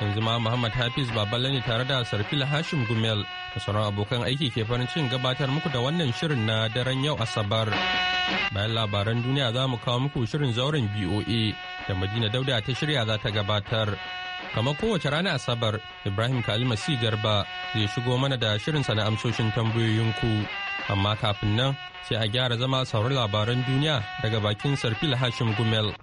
yanzu ma Muhammad Hafiz Baballe ne tare da Sarfil Hashim Gumel da sauran abokan aiki ke farin cikin gabatar muku da wannan shirin na daren yau Asabar. Bayan labaran duniya za mu kawo muku shirin zauren BOA da Madina Dauda ta shirya za ta gabatar. Kamar kowace rana Asabar, Ibrahim Kalima si Garba zai shigo mana da shirin sana amsoshin tambayoyinku. Amma kafin nan sai a gyara zama sauran labaran duniya daga bakin Sarfil Hashim Gumel.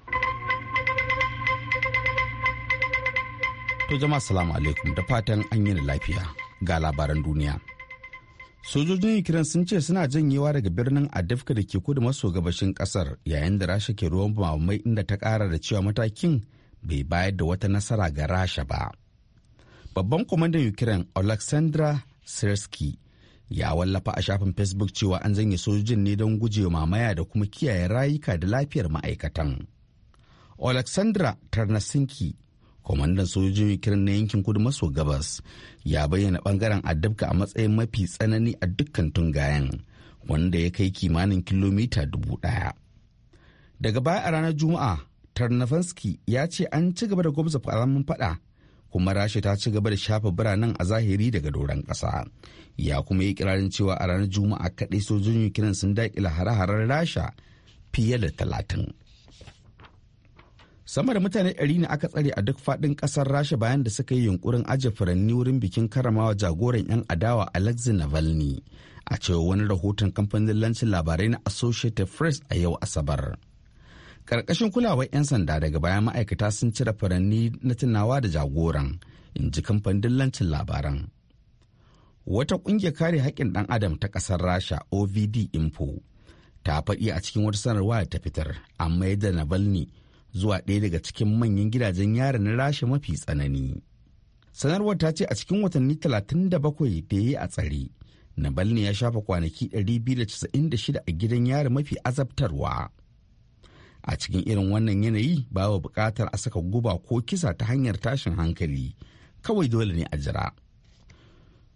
To jama'a salamu alaikum da fatan an yi lafiya ga labaran duniya. Sojojin Ukraine sun ce suna janyewa daga birnin Adifka da ke kudu maso gabashin kasar yayin da Rasha ke ruwan mamai inda ta kara da cewa matakin bai bayar da wata nasara ga Rasha ba. Babban kwamandan Ukraine Alexandra sersky ya wallafa a shafin Facebook cewa an janye sojojin ne don gujewa mamaya da kuma kiyaye rayuka da lafiyar ma'aikatan. Alexandra Tarnasinki kwamandan sojojin ukraine na yankin kudu maso gabas ya bayyana bangaren addabka a matsayin mafi tsanani a dukkan tungayen wanda ya kai kimanin kilomita dubu daya daga baya a ranar juma'a tarnafanski ya ce an ci gaba da gwamza alamun fada kuma rasha ta ci gaba da shafa biranen a zahiri daga doron kasa ya kuma yi kirarin cewa a ranar juma'a kaɗai sojojin ukraine sun daƙila hare-haren rasha fiye da talatin sama da mutane ɗari ne aka tsare a duk faɗin ƙasar rasha bayan da suka yi yunkurin ajiye furanni wurin bikin karamawa jagoran 'yan adawa alexei navalny a cewa wani rahoton kamfanin lancin labarai na associated press a yau asabar ƙarƙashin kulawar 'yan sanda daga bayan ma'aikata sun cire furanni na tunawa da jagoran in ji kamfanin lancin labaran wata ƙungiyar kare haƙƙin ɗan adam ta ƙasar rasha ovd info ta faɗi a cikin wata sanarwa da ta fitar amma yadda navalny zuwa ɗaya daga cikin manyan gidajen yari na rasha mafi tsanani sanarwar ta ce a cikin watanni 37 da ya a tsare nabalni ya shafa kwanaki 296 a gidan yari mafi azabtarwa a cikin irin wannan yanayi babu bukatar a saka guba ko kisa ta hanyar tashin hankali kawai dole ne a jira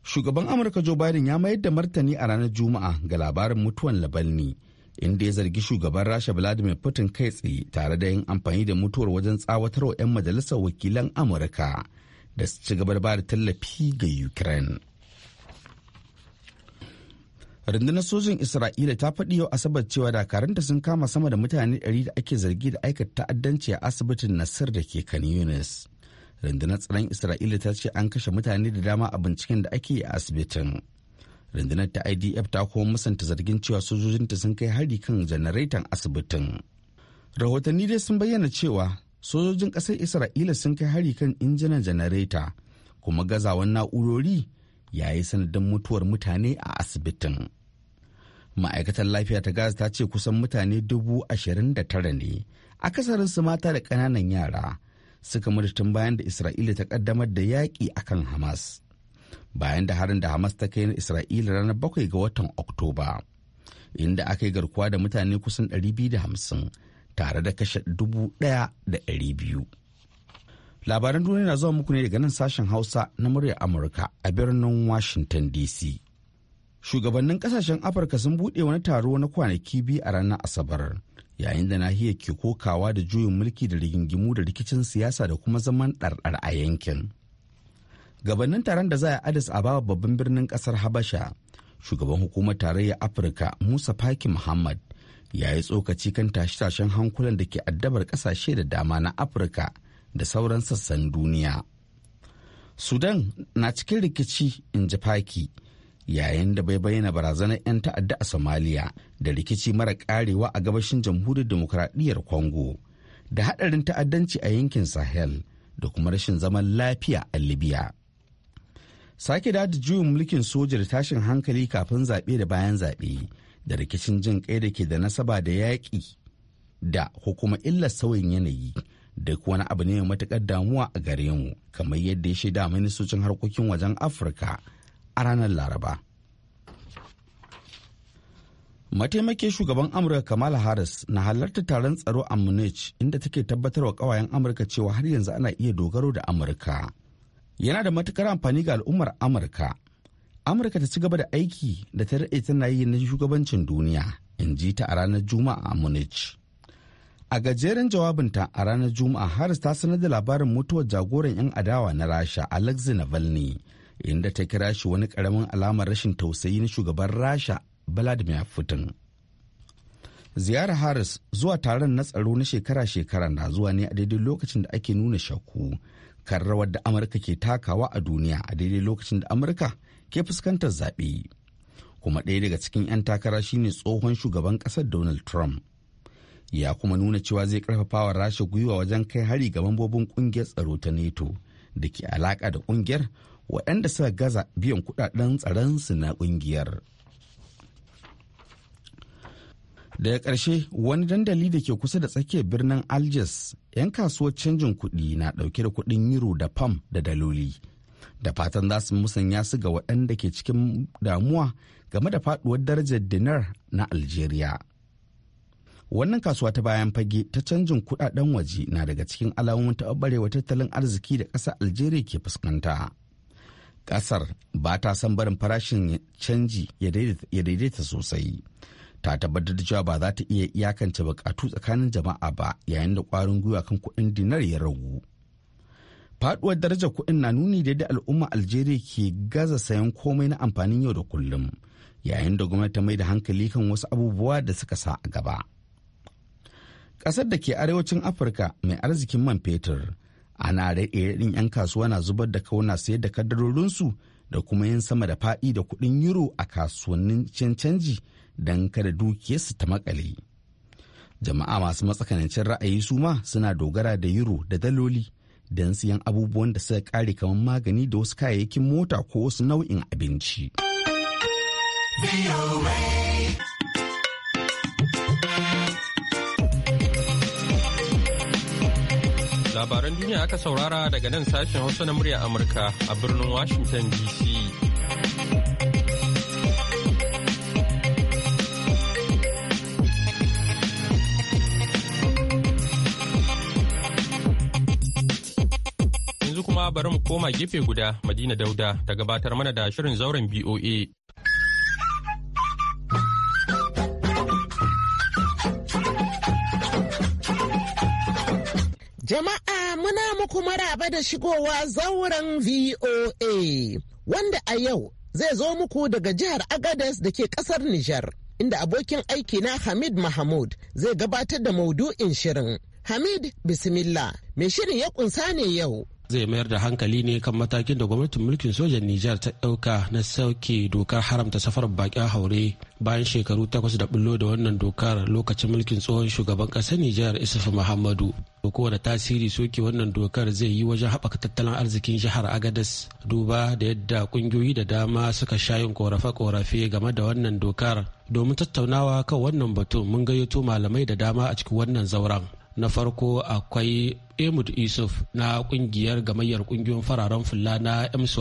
shugaban amurka joe biden ya mayar da martani a ranar juma'a ga labarin mutuwan labalni inda ya zargi shugaban rasha vladimir putin kai tsaye tare da yin amfani da mutuwar wajen tsawatarwa 'yan majalisar wakilan amurka da su ci gaba ba da tallafi ga ukraine rundunar sojin isra'ila ta faɗi yau asabar cewa dakaranta sun kama sama da mutane 100 da ake zargi da aikata ta'addanci a asibitin nasir da ke kan yunis rundunar tsaron isra'ila ta ce an kashe mutane da dama a binciken da ake yi a asibitin rundunar ta idf ta kuma musanta zargin cewa sojojinta sun kai hari kan janaraitan asibitin rahotanni dai sun bayyana cewa sojojin ƙasar isra'ila sun kai hari kan injinan janareta kuma gazawan na'urori yayi sanadin mutuwar mutane a asibitin ma'aikatar lafiya ta gaza ta ce kusan mutane dubu ashirin da tara ne akasarin su mata da ƙananan yara suka mutu tun bayan da isra'ila ta ƙaddamar da yaƙi akan hamas bayan da harin da Hamas ta kai na Isra'ila ranar bakwai ga watan Oktoba. Inda aka yi garkuwa da mutane kusan 250 tare da kashe 1,200. Labaran duniya na zuwa muku ne daga nan sashen Hausa na murya Amurka a birnin Washington DC. Shugabannin kasashen Afirka sun buɗe wani taro na kwanaki biyu a ranar Asabar. yayin da nahiyar ke kokawa da juyin mulki da rigingimu da rikicin siyasa da kuma zaman ɗarɗar a yankin. gabanin taron da za a addis ababa babban birnin kasar habasha shugaban hukumar tarayyar afirka musa faki muhammad ya yi tsokaci kan tashe-tashen hankulan da ke addabar kasashe da dama na afirka da sauran sassan duniya sudan na cikin rikici in ji faki yayin da bai bayyana barazanar 'yan ta'adda a somaliya da rikici mara karewa a gabashin jamhuriyar demokuraɗiyyar congo da haɗarin ta'addanci a yankin sahel da kuma rashin zaman lafiya a libya sake da juyin mulkin soja da tashin hankali kafin zaɓe da bayan zaɓe da rikicin jin ƙai da ke da nasaba da yaƙi da ko kuma illar sauyin yanayi duk wani abu ne matuƙar damuwa a gare mu kamar yadda ya shaida ministocin harkokin wajen afirka a ranar laraba mataimakin shugaban amurka kamal harris na halarta taron tsaro a munich inda take tabbatar wa kawayen amurka cewa har yanzu ana iya dogaro da amurka yana da matukar amfani ga al'ummar amurka amurka ta ci gaba da aiki da ta rade tana yi na shugabancin duniya in ji ta a ranar juma'a a munich a gajeren jawabinta a ranar juma'a harris ta sanar da labarin mutuwar jagoran 'yan adawa na rasha alexei navalny inda ta kira shi wani karamin alamar rashin tausayi na shugaban rasha vladimir putin ziyarar harris zuwa taron na tsaro na shekara-shekara na zuwa ne a daidai lokacin da ake nuna shaku kan rawar da amurka ke takawa a duniya a daidai lokacin da amurka ke fuskantar zaɓe kuma ɗaya daga cikin 'yan takara shine tsohon shugaban ƙasar donald trump ya kuma nuna cewa zai ƙarfafa wa rasha gwiwa wajen kai hari ga mambobin ƙungiyar tsaro ta neto da ke alaƙa da ƙungiyar waɗanda suka gaza biyan kuɗaɗen tsaronsu na ƙungiyar. daga ƙarshe wani dandali da ke kusa da tsakiyar birnin algiers 'yan kasuwar canjin kuɗi na ɗauke da kuɗin euro da pam da daloli da fatan za su musanya su ga waɗanda ke cikin damuwa game da faɗuwar darajar dinar na algeria wannan kasuwa ta bayan fage ta canjin kuɗaɗen waje na daga cikin alamomin taɓarewa tattalin arziki da ƙasar algeria ke fuskanta ƙasar ba ta son barin farashin canji ya daidaita sosai ta tabbatar da cewa ba za ta iya iyakance bukatu tsakanin jama'a ba yayin da kwarin gwiwa kan kuɗin dinar ya ragu faɗuwar darajar kuɗin na nuni da yadda al'umma algeria ke gaza sayan komai na amfanin yau da kullum yayin da gwamnati ta mai da hankali kan wasu abubuwa da suka sa a gaba ƙasar da ke arewacin afirka mai arzikin man fetur ana raɗe raɗin 'yan kasuwa na zubar da kauna sayar da kadarorinsu da kuma yin sama da faɗi da kuɗin euro a kasuwannin canji don kada dukiyarsu ta makale jama'a masu matsakanancin ra'ayi su ma suna dogara da yuro da daloli don siyan abubuwan da suka kare kamar magani da wasu kayayyakin mota ko wasu nau'in abinci labaran duniya aka saurara daga nan sashen hausa na murya amurka a birnin washington dc bari mu koma gefe guda Madina Dauda ta gabatar mana da shirin zauren BOA. Jama'a muna muku maraba da shigowa zauren VOA wanda a yau zai zo muku daga jihar Agadez da ke kasar Nijar inda abokin aiki na Hamid Mahmud zai gabatar da maudu'in shirin. Hamid Bismillah, mai shirin ya kunsa ne yau. zai mayar da hankali ne kan matakin da gwamnatin mulkin sojan Nijar ta ɗauka na sauke dokar haramta safar bakin haure bayan shekaru takwas da bullo da wannan dokar lokacin mulkin tsohon shugaban ƙasar Nijar Isufu Muhammadu. kowane tasiri soke wannan dokar zai yi wajen haɓaka tattalin arzikin jihar Agadas duba da yadda ƙungiyoyi da dama suka shayin korafe-korafe game da wannan dokar domin tattaunawa kan wannan batun mun gayyato malamai da dama a cikin wannan zauren. na farko akwai emud isuf na kungiyar gamayyar kungiyoyin fararen fulla na ems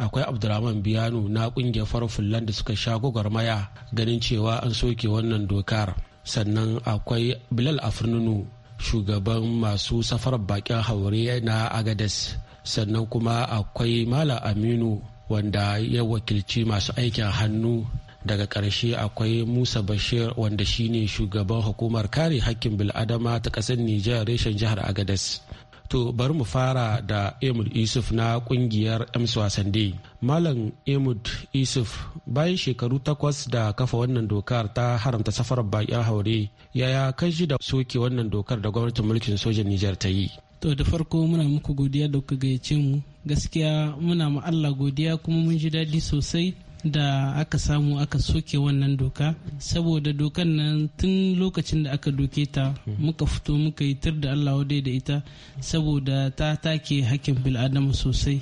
akwai abdulrahman Biyano na kungiyar farar fulla da suka sha gwagwarmaya ganin cewa an soke wannan dokar sannan akwai bilal afirnunu shugaban masu safar bakin haure na agadas sannan kuma akwai mala aminu wanda ya wakilci masu aikin hannu daga ƙarshe akwai musa bashir wanda shine shugaban hukumar kare hakkin bil'adama ta ƙasar nijar reshen jihar agadas to bari mu fara da emud isuf na ƙungiyar ms wasande malam emud isuf bayan shekaru takwas da kafa wannan dokar ta haramta safar bakin haure yaya kan shi da soke wannan dokar da gwamnatin mulkin sojan nijar ta yi to da farko muna muku godiya da kuka gayyace mu gaskiya muna ma allah godiya kuma mun ji daɗi sosai da aka samu aka soke wannan doka saboda dokan nan tun lokacin da aka doke ta muka fito muka yi tir da allah dai da ita saboda ta take hakkin bil'adama sosai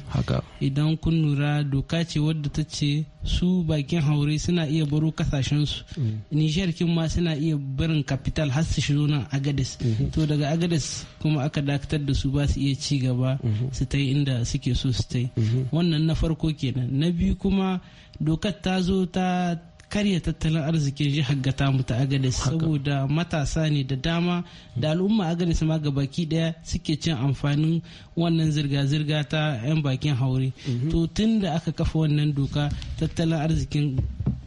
idan kun lura doka ce wadda ta ce su bakin haure suna iya baro kasashensu mm. nijar kin ma suna iya barin kapital har su shigo nan agades mm-hmm. to daga agades kuma aka dakatar da su ba su iya ci gaba mm-hmm. su ta inda suke so su ta mm-hmm. wannan na farko kenan na biyu kuma dokar ta zo ta karya tattalin arzikin jihar gata mu ta agades saboda matasa ne da dama da al'umma agades ma ga baki daya suke cin amfanin wannan zirga-zirga ta 'yan bakin haure mhm. to tun da aka kafa wannan doka tattalin arzikin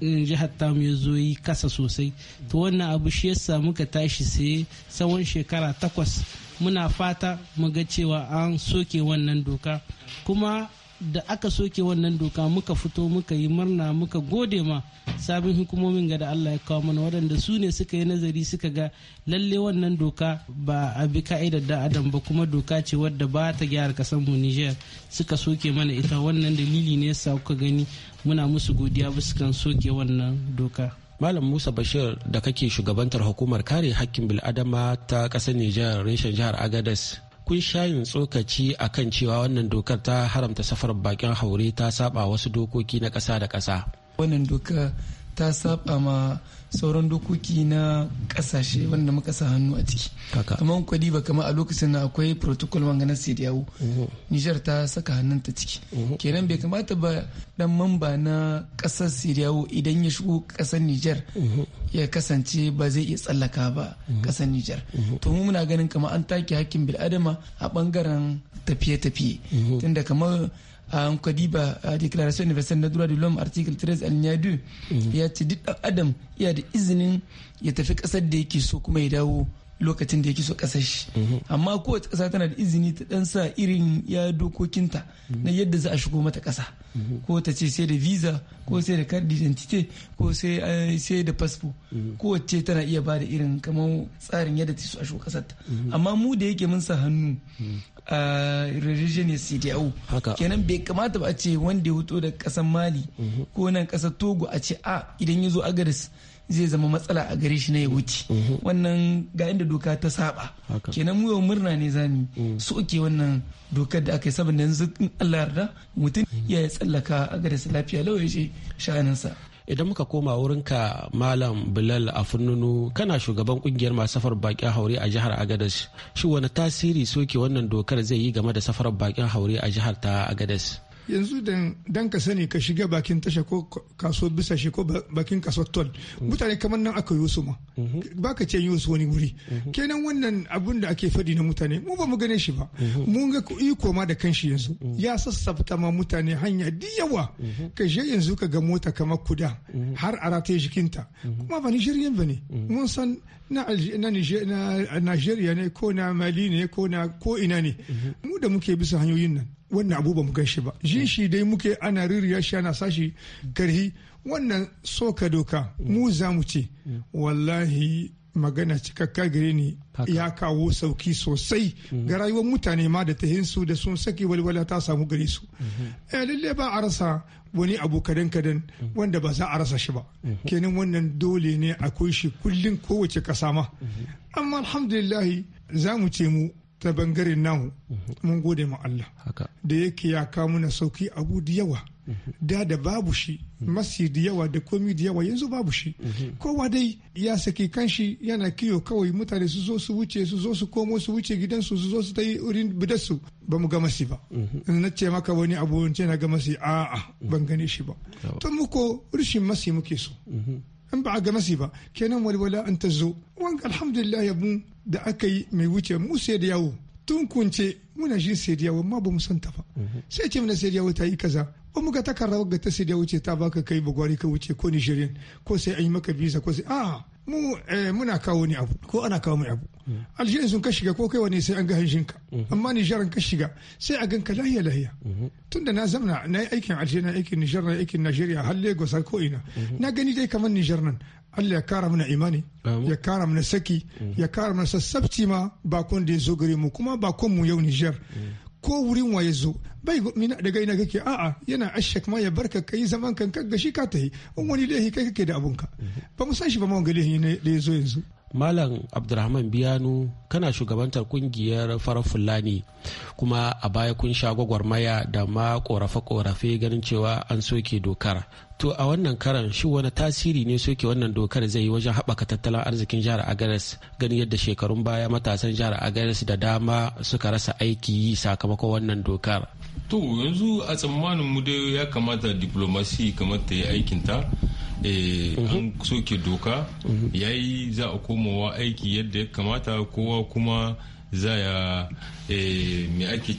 eh, jihar tamu ya zo yi kasa sosai to wannan abu shi yasa muka tashi sai tsawon shekara takwas muna fata mu ga cewa an soke wannan doka kuma da aka soke wannan doka muka fito muka yi murna muka gode ma sabon hukumomin ga da Allah ya kawo mana waɗanda su ne suka yi nazari suka ga lalle wannan doka ba a bi ka'idar da adam ba kuma doka ce wadda ba ta gyara kasar mu Niger suka soke mana ita wannan dalili ne yasa kuka gani muna musu godiya su kan soke wannan doka Malam Musa Bashir da kake shugabantar hukumar kare haƙƙin bil'adama ta ƙasar Nijar reshen jihar Agadez kun shayin tsokaci a kan cewa wannan dokar ta haramta safar bakin haure ta saba wasu dokoki na ƙasa da ƙasa. wannan doka ta saba ma sauran dokoki na kasashe wanda muka sa hannu a ciki kamar kwadi ba kamar a lokacin na akwai protocol na sediyawo nijar ta saka hannun ta ciki kenan bai kamata ba dan mamba na kasar sediyawo idan ya shigo kasar nijar ya kasance ba zai iya tsallaka ba kasar nijar to mu muna ganin kamar an take hakkin bil'adama a bangaren tafiye-tafiye tunda kamar an ah, kwadiba mhm. a declaration universal na dura de lom article 13 alinéa 2 ya ce duk adam ya da izinin ya tafi kasar da yake so kuma ya dawo lokacin da yake so kasar shi mhm. amma kowace kasa tana da izini ta dan sa irin ya dokokinta mhm. na yadda za a shigo mata kasa mhm. ko ta ce sai da visa ko sai da card identity ko eh, sai da passport kowace tana iya ba da irin kamar tsarin yadda ta so a shigo kasar ta amma mu da yake mun sa hannu a ne CDAO kenan bai kamata ba a ce wanda ya fito da kasar Mali ko nan kasar Togo a ce a idan ya zo Agaris zai zama matsala a gare shi na ya wuce mhm. wannan ga inda doka ta saba kenan mu yau murna ne mhm. su soke wannan dokar da aka yi saboda yanzu in Allah yarda mutum mhm. ya tsallaka a gare lafiya lau ce ce sa. idan muka koma wurinka malam bilal a fununu kana shugaban kungiyar masu safar bakin haure a jihar agadas shi wani tasiri soke wannan dokar zai yi game da safar bakin haure a jihar ta agadas yanzu dan ka sani ka shiga bakin tasha ko kaso bisa shi ko bakin kaso tol mm. mutane kamar nan aka yi wasu ma mm-hmm. ba ce yi wasu wani wuri mm-hmm. kenan wannan abun da ake fadi na mutane mu ba mu gane shi ba mm-hmm. mun ga iko ma da kanshi yanzu ya sassafta ma mutane hanya di yawa ka je yanzu ka ga mota kamar kuda har a rataye jikinta kuma ba ni jirgin ba ne mun san na Najeriya ne ko na Mali ne ko na ko ina ne mhm. mu da muke bisa hanyoyin nan wannan abu ba mu gan shi ba jin shi dai muke ana ririya shi ana sashi karhi wannan soka doka mu mm. za mu ce mm. wallahi magana cikakka gare ni ya kawo sauki sosai mhm. ga rayuwar mutane ma da tahinsu da sun saki walwala ta samu gare su mhm. eh, lalle ba a rasa wani abu kadan kadan mhm. wanda ba za a rasa shi ba kenan wannan dole ne akwai shi kullum kowace kasa ma amma alhamdulillah za mu ce mu ta bangaren namu mun gode ma Allah da yake ya kawo mana sauki abu da yawa da da babu shi Masi da yawa da komi da yawa yanzu babu shi kowa dai ya saki kanshi yana kiyo kawai mutane su zo su wuce su zo su komo su wuce gidansu su zo su ta yi urin bidarsu ba mu ga masi ba na ce maka wani abu ce na ga masi a'a ban gane shi ba to muko rishin masi muke so in ba a ga masi ba kenan walwala an ta zo wanga alhamdulillah yabu da aka yi mai wuce mu sai da yawo tun kunce muna shi sai da yawo amma ba mu san ta ba sai ce mana sai da yawo ta yi kaza in muka ta karrawa ga tasi da wuce ta baka kai bugwari ka wuce ko nigerian ko sai an yi maka visa ko sai a ah, mu eh, muna kawo ni abu ko ana kawo mu abu algeria sun ka shiga ko kai wani sai an ga hanshin ka amma nigerian ka shiga sai a ganka lahiya lahiya tunda na zamna na yi aikin algeria na aikin nigerian na aikin nigeria har lagos har koina na gani dai kamar nigerian nan Allah ya kara mana imani ya kara mana saki ya kara mana sassabci ma bakon da ya zo gare mu kuma bakon mu yau Niger ko wurin wa ya zo bai mina daga ina kake a'a yana ashak ma ya barka kai zaman kan ka gashi ka ta in wani laihi kai kake da abunka ba mu san shi ba ma wanga laihi ne da ya zo yanzu Malam Abdulrahman Biyanu kana shugabantar kungiyar farar Fulani kuma a baya kun sha gwagwarmaya da ma korafe-korafe ganin cewa an soke dokar. To a wannan karan shi wani tasiri ne soke wannan dokar zai yi wajen haɓaka tattalin arzikin jihar Agares ganin yadda shekarun baya matasan jihar Agares da dama suka rasa aiki yi sakamakon wannan dokar. To yanzu a tsammanin mu dai ya kamata diplomasi kamar ta yi aikinta. Eh, mhm. an soke doka mhm. ya yi za a komawa aiki yadda ya kamata kowa kuma za ya eh, mai ake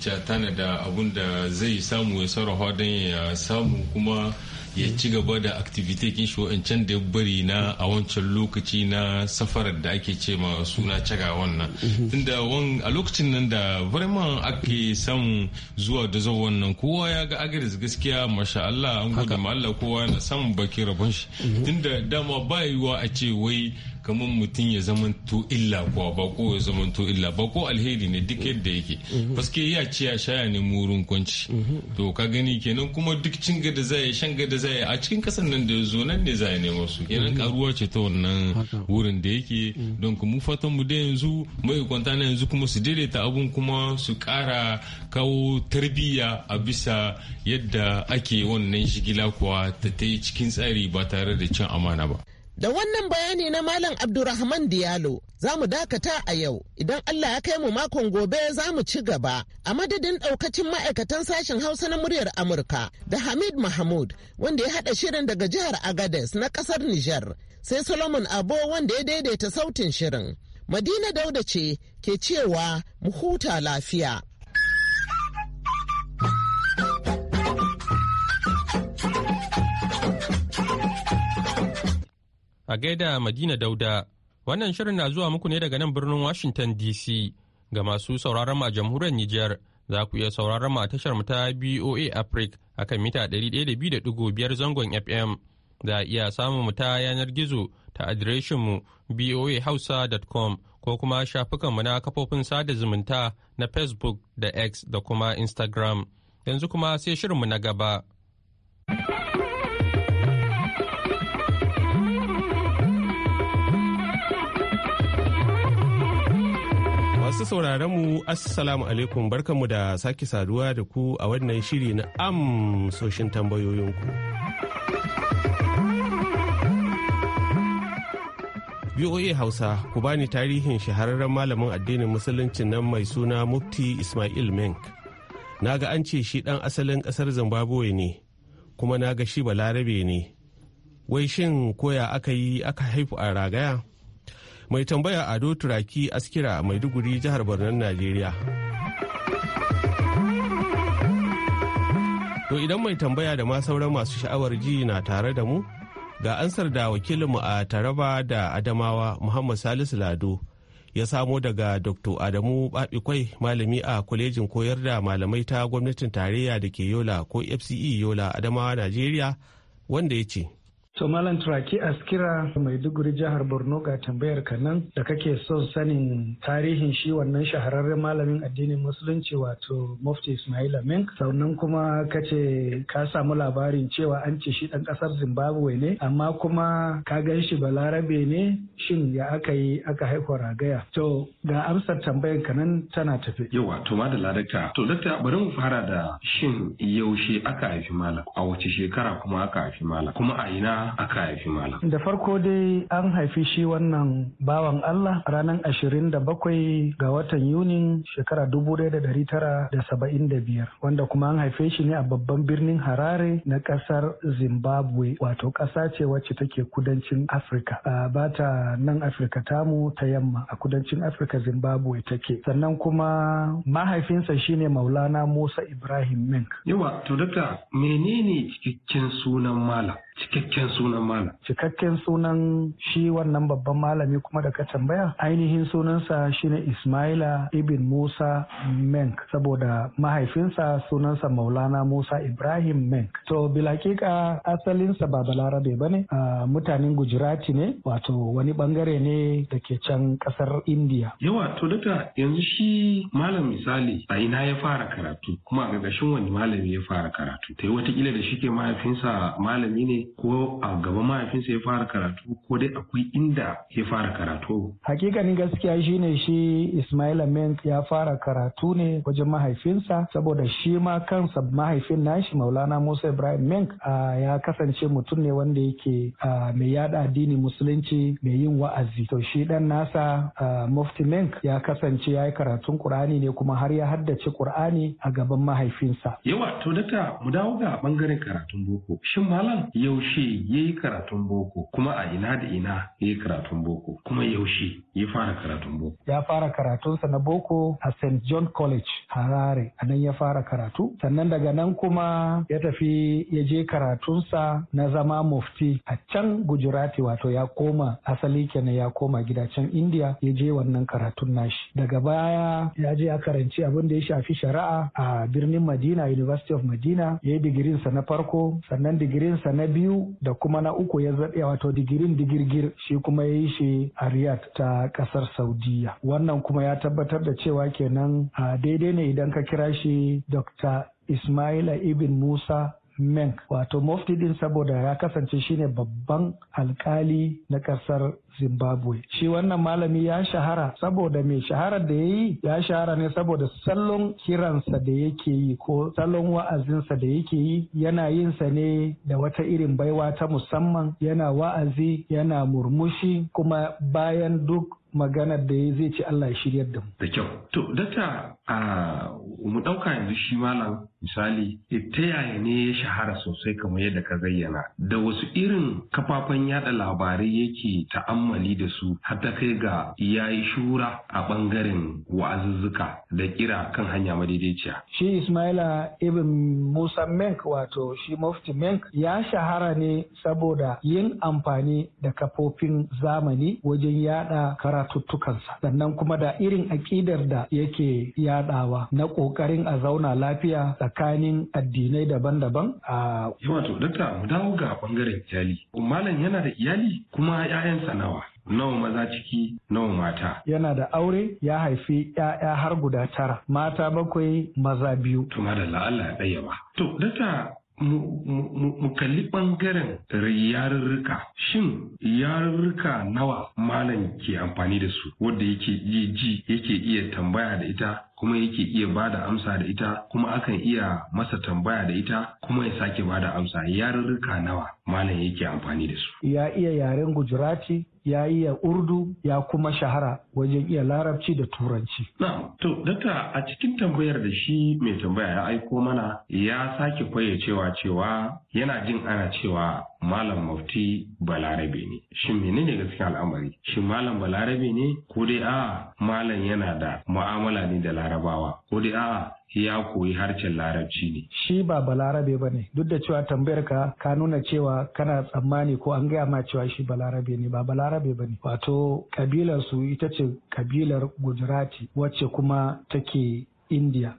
da abun da zai samu ya sarrafa don ya samu kuma ya ci gaba da activity kin shi wa'ancan da bari na a wancan lokaci na safarar da ake ce ma suna caga wannan tunda a lokacin nan da vraiment ake san zuwa da zo wannan kowa ya ga agaris gaskiya masha Allah an gode ma Allah kowa na san baki rabon shi mhm. tunda dama ba yiwa a ce wai kamar mutum ya to illa kuwa bako ya to illa bako alheri ne duk yadda yake mhm. paske ya ce ya shaya ne murun kwanci mhm. to ka gani kenan kuma duk cin gada zai shan gada zai a cikin kasan nan da zo nan ne zai nemo su kenan karuwa mhm. ce ta wannan wurin da yake don mu fatan mu da yanzu mai kwanta na yanzu kuma su daidaita abun kuma su kara kawo tarbiyya a bisa yadda ake wannan shigila kuwa ta ta yi cikin tsari ba tare da cin amana ba Da wannan bayani na Malam Abdurrahman Diallo za mu dakata a yau idan Allah ya kai mu makon gobe za mu ci gaba a madadin ɗaukacin ma'aikatan sashen Hausa na muryar Amurka da Hamid Mahmud wanda ya haɗa shirin daga jihar Agades na ƙasar Nijar sai Solomon Abo wanda ya daidaita sautin shirin. Madina Dauda ce ke cewa mu huta lafiya. a gaida Madina Dauda. Wannan shirin na zuwa muku ne daga nan birnin Washington DC ga masu sauraron ma jamhuriyar Nijar. Za ku iya sauraron ma tashar mu ta BOA Africa a kan mita ɗari ɗaya 102.5 zangon FM. Za a iya samun mu ta yanar gizo ta adireshin mu boahausa.com ko kuma shafukanmu na kafofin sada zumunta na Facebook da X da kuma Instagram. Yanzu kuma sai shirinmu na gaba. Masu sauraron mu Assalamu alaikum barkanmu da sake saduwa da ku a wannan shiri na amsoshin tambayoyinku. VOA Hausa ku bani tarihin shahararren malamin addinin musulunci nan mai suna Mufti Ismail Menk. Na ga an ce shi ɗan asalin ƙasar Zimbabwe ne, kuma na ga shi balarabe ne. Wai shin koya aka yi aka haifu a ragaya? mai tambaya ado turaki askira maiduguri jihar borno najeriya to idan mai tambaya da ma sauran masu sha'awar ji na tare da mu ga ansar da wakilinmu a taraba da adamawa muhammad salisu lado ya samo daga dr adamu babikwai malami a kwalejin koyar da malamai ta gwamnatin tarayya da ke yola ko fce yola adamawa najeriya wanda ya ce To Malam Turaki Askira Maiduguri jihar Borno ga tambayar ka nan da kake son sanin tarihin shi wannan shahararren malamin addinin musulunci wato Mufti Ismail Amin. Sannan kuma ka ce ka samu labarin cewa an ce shi ɗan kasar Zimbabwe ne amma kuma ka gan shi balarabe ne shin ya aka yi aka haifa ragaya. To ga amsar tambayar ka nan tana tafi. Yawa to da dakta. To dakta bari mu fara da shin yaushe aka haifi malam a wace shekara kuma aka haifi malam kuma a ina A kayafi malam. Da farko dai an haifi shi wannan bawan Allah ranar ashirin da bakwai ga watan Yunin shekara dubu da dari tara da saba'in da biyar wanda kuma an haife shi ne a babban birnin Harare na kasar Zimbabwe wato ƙasa ce wacce take kudancin Afirka. Ba ta nan Afirka tamu ta yamma a kudancin Afirka Zimbabwe take. Sannan kuma mahaifinsa shine Maulana Musa Ibrahim Mink. Yawa to menene cikakken sunan malam? Cikakken sunan malam. Cikakken sunan shi wannan babban malami kuma da ka tambaya ainihin sunansa shine Ismaila ibn Musa Menk saboda mahaifinsa sunansa Maulana Musa Ibrahim Menk. To bilakika asalinsa ba balarabe ba ne. mutanen Gujirati ne wato wani bangare ne da ke can kasar India. Yawa to daga yanzu shi malam misali a ina ya fara karatu kuma a gagashin wani malami ya fara karatu. Ta yi watakila da shi ke mahaifinsa malami ne ko a gaba mahaifinsa ya fara karatu ko dai akwai inda ya fara karatu. Hakikanin gaskiya shine shi Ismail Amin ya fara karatu ne wajen mahaifinsa saboda shi ma kansa mahaifin nashi Maulana Musa Ibrahim Menk ya kasance mutum ne wanda yake mai yada addini musulunci mai yin wa'azi. To shi dan nasa Mufti Menk ya kasance ya yi karatun Kur'ani ne kuma har ya haddace Kur'ani a gaban mahaifinsa. Yawa to dakta mu dawo ga ɓangaren karatun boko. Shin malam yau yaushe ya yi karatun boko kuma a ina da ina ya yi karatun boko kuma yaushe ya fara karatun boko. Ya fara karatunsa na boko a St. John College Harare a nan ya fara karatu sannan daga nan kuma ya tafi ya je karatunsa na zama mufti a can Gujarati wato ya koma asali kenan ya koma gida can India ya je wannan karatun nashi. Daga baya ya je ya karanci abin da ya shafi shari'a a birnin Madina University of Madina ya yi digirinsa na farko sannan digirinsa na biyu biyu da kuma na uku ya zaɗe wato digirin digirgir shi kuma ya yi shi a Riyadh ta ƙasar Saudiya. Wannan kuma ya tabbatar da cewa kenan a daidai ne idan ka kira shi Dr. Ismaila Ibn Musa Menk wato mufti din saboda ya kasance shine babban alkali na kasar Zimbabwe. Shi wannan malami ya shahara saboda mai shaharar da ya yi ya shahara ne saboda salon kiransa da yake yi ko salon wa'azinsa da yake yi yana yin sa ne da wata irin baiwa ta musamman yana wa'azi yana murmushi kuma bayan duk maganar da ya zai ci Allah ya shiryar da mu. Da kyau. To, dakta a mu ɗauka yanzu shi malam misali eh, ta yaya ne ya shahara sosai kamar yadda ka zayyana da wasu irin kafafen yada labarai yake ta'am ta'ammali da su har ta kai ga ya yi shura a ɓangaren wa'azuzzuka da kira kan hanya madaidaiciya. Shi Ismaila Ibn Musa Menk wato shi Mufti Menk ya shahara ne saboda yin amfani da kafofin zamani wajen yada karatuttukansa sannan kuma da irin aƙidar da yake yadawa na ƙoƙarin a zauna lafiya tsakanin addinai daban-daban a. Wato, dakta mu dawo ga bangaren iyali. Malam yana da iyali kuma 'ya'yansa nawa. nawa maza ciki nawa mata. Yana da aure ya haifi ‘ya'ya har guda tara, mata bakwai maza biyu. To madalla Allah ya ba. To, data mu kalli ɓangaren yarurruka shin yarurruka nawa malam ke amfani da su wadda yake ji yake iya tambaya da ita kuma yake iya ba da amsa da ita kuma akan iya masa tambaya da ita kuma ya sake ba da amsa yarurruka nawa malam yake amfani da su. Ya iya yaren Gujarati, ya iya Urdu, ya kuma shahara wajen iya Larabci da Turanci. Na'am, to dakta a cikin tambayar da shi mai tambaya ya aiko mana ya sake fayyacewa cewa cewa yana jin ana cewa Malam mafti Balarabe ne. Shin menene gaskiya al'amari? Shin Malam Balarabe ne ko dai a Malam yana da mu'amala ne da Larabci? larabawa ko dai a'a ya koyi harshen larabci ne. Shi ba balarabe ba ne duk da cewa tambayar ka ka nuna cewa kana tsammani ko an gaya ma cewa shi balarabe ne ba balarabe ba ne. Wato kabilar su ita ce kabilar Gujarati wacce kuma take India.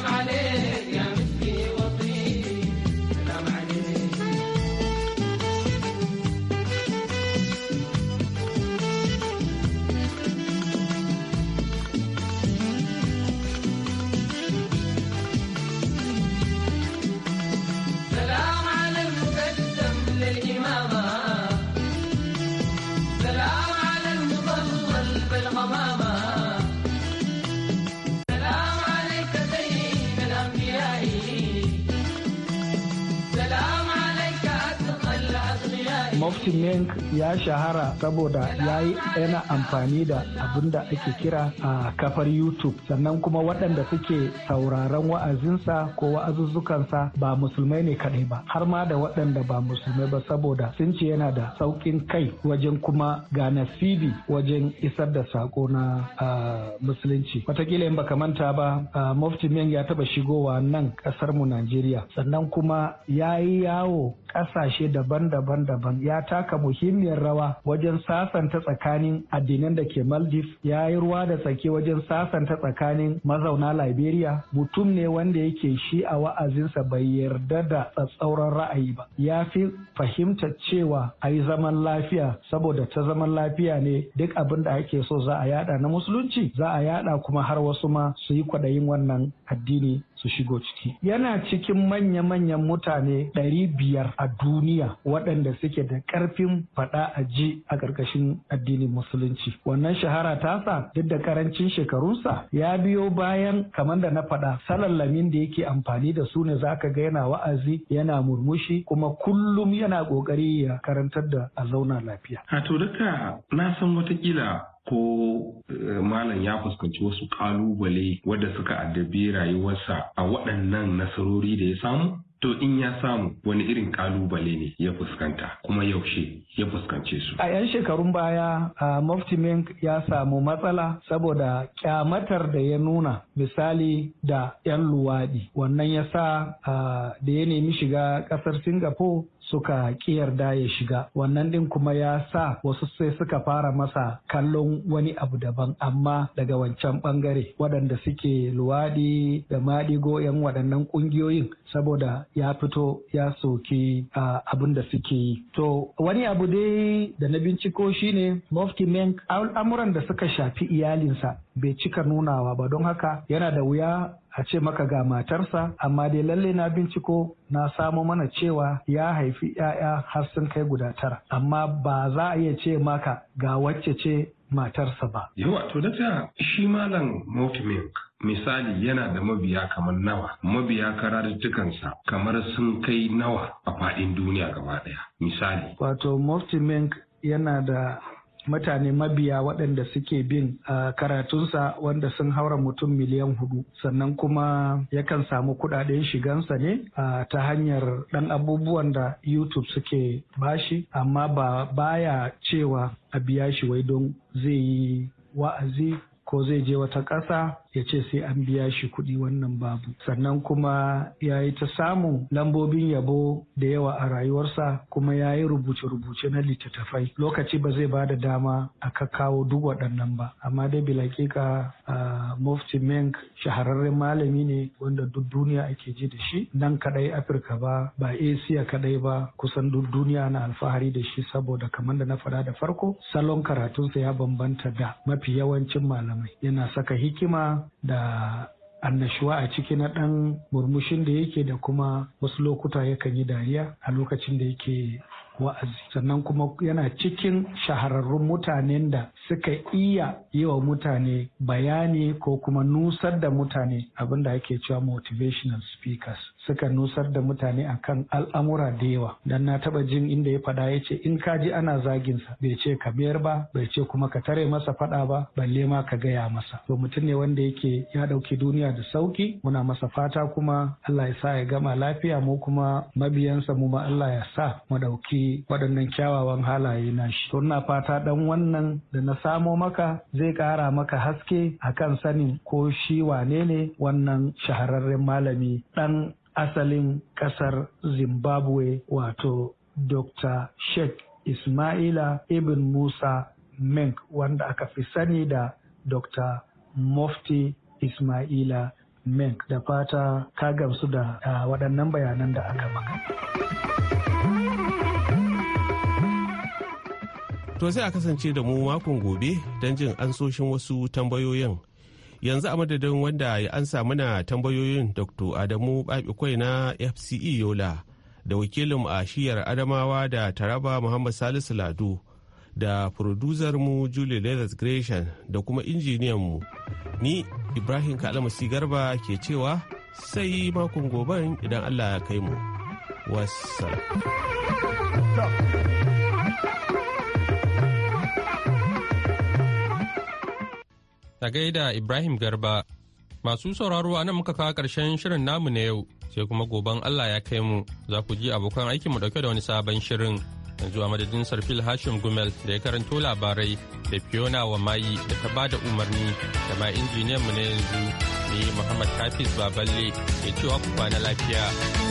la think ya shahara saboda ya yi yana amfani da abin da ake kira a kafar YouTube sannan kuma waɗanda suke sauraron wa'azinsa ko wa'azuzzukansa ba musulmai ne kaɗai ba har ma da waɗanda ba musulmai ba saboda sun ce yana da sauƙin kai wajen kuma ga nasibi wajen isar da sako na musulunci wataƙila in baka manta ba mufti Meng ya taɓa shigowa nan ƙasar mu Najeriya sannan kuma ya yi yawo ƙasashe daban-daban daban ya taka muhimmi muhimmiyar rawa wajen sasanta tsakanin addinan da ke Maldives ya yi ruwa da tsaki wajen sasanta tsakanin mazauna Liberia mutum ne wanda yake shi a wa'azinsa bai yarda da tsatsauran ra'ayi ba ya fi fahimta cewa a yi zaman lafiya saboda ta zaman lafiya ne duk abin da ake so za a yada na musulunci za a yada kuma har wasu ma su yi kwaɗayin wannan addini su shigo ciki yana cikin manya-manyan mutane ɗari biyar a duniya waɗanda suke da ƙarfin faɗa a ji a ƙarƙashin addinin musulunci wannan shahara ta sa duk da ƙarancin shekarunsa ya biyo bayan kamar da na faɗa salallamin da yake amfani da su ne zaka ga yana wa'azi yana murmushi kuma kullum yana ƙoƙari ya karantar da a zauna lafiya. a to na san watakila ko eh, malam ya fuskanci wasu kalubale wadda suka addabi rayuwarsa a waɗannan nasarori da ya samu To in ya samu wani irin kalubale ne ya fuskanta kuma yaushe ya fuskance su. A 'yan shekarun baya a Mink ya samu matsala saboda kyamatar da ya nuna misali da 'yan luwaɗi. Wannan ya sa da ya nemi shiga ƙasar Singapore suka ki yarda ya shiga wannan ɗin kuma ya sa wasu sai suka fara masa kallon wani abu daban amma daga wancan bangare waɗanda suke luwaɗi da maɗigo 'yan waɗannan ƙungiyoyin saboda ya fito ya soki abin da suke yi to wani abu dai da na binciko shine mufti menk al'amuran da suka shafi iyalinsa bai cika nunawa ba don haka yana da wuya a ce maka ga matarsa amma dai lalle na binciko na samo mana cewa ya haifi 'ya'ya har sun kai guda tara amma ba za a iya ce maka ga wacce ce matarsa ba. Yawa to da shi malam Motimink misali yana da mabiya kamar nawa mabiya kararrukansa kamar sun kai nawa a faɗin duniya gaba ɗaya misali. Wato Motimink yana da mutane mabiya waɗanda suke bin ah, karatunsa wanda sun haura mutum miliyan hudu sannan kuma yakan samu kuɗaɗen shigansa ne ah, ta hanyar ɗan abubuwan da youtube suke bashi amma ba baya cewa a biya shi wai don zai yi wa'azi ko zai je wata ƙasa ya ce sai an biya shi kuɗi wannan babu sannan kuma ya yi ta samu lambobin yabo da yawa a rayuwarsa kuma ya yi rubuce-rubuce na littattafai lokaci ba zai ba da dama a kakkawo duk waɗannan ba amma dai bilakika mufti menk shahararren malami ne wanda duk duniya ake ji da shi nan kaɗai afirka ba ba Asia kaɗai ba kusan duk duniya na alfahari da shi saboda kamar da na faɗa da farko salon karatunsa ya bambanta da mafi yawancin malamai yana saka hikima da annashuwa a ciki na ɗan murmushin da yake da kuma wasu lokuta yakan yi dariya a lokacin da yake wa'azi sannan kuma yana cikin shahararrun mutanen da suka iya yi wa mutane bayani ko kuma nusar da mutane abinda ake cewa motivational speakers suka nusar da mutane akan al'amura da yawa dan na taba jin inda ya fada ya ce in ka ji ana zaginsa. bai ce ka biyar ba bai ce kuma ka tare masa fada ba balle ma ka gaya masa to mutum ne wanda yake ya dauki duniya da sauki muna masa fata kuma Allah ya sa ya gama lafiya mu kuma mabiyansa mu ma Allah ya sa mu dauki waɗannan kyawawan halaye na shi to ina fata dan wannan da na samo maka zai kara maka haske akan sanin ko shi wane ne wannan shahararren malami dan asalin kasar zimbabwe wato dr sheikh ismaila ibn musa menk wanda aka fi sani da dr mufti ismaila menk da fata ka gamsu da uh, waɗannan bayanan da aka maka to sai a kasance da mu makon gobe don jin ansoshin wasu tambayoyin yanzu a madadin wanda ya ansa mana tambayoyin dr adamu babikwai na fce yola da wakilin a shiyar adamawa da taraba muhammad salisu ladu da mu julie leathers gresham da kuma injiniyan mu ni ibrahim kalamasi garba ke cewa sai makon goben idan allah ya kai mu wassalam ta gaida Ibrahim Garba. Masu sauraro a nan muka kawo ƙarshen shirin namu na yau sai kuma goben Allah ya kai mu za ku ji abokan aikin mu dauke da wani sabon shirin. Yanzu a madadin Sarfil Hashim Gumel da ya karanto labarai da Fiona wa mayi da ta bada umarni da ma injiniyan mu na yanzu ne Muhammad Hafiz Baballe ya cewa ku kwana lafiya.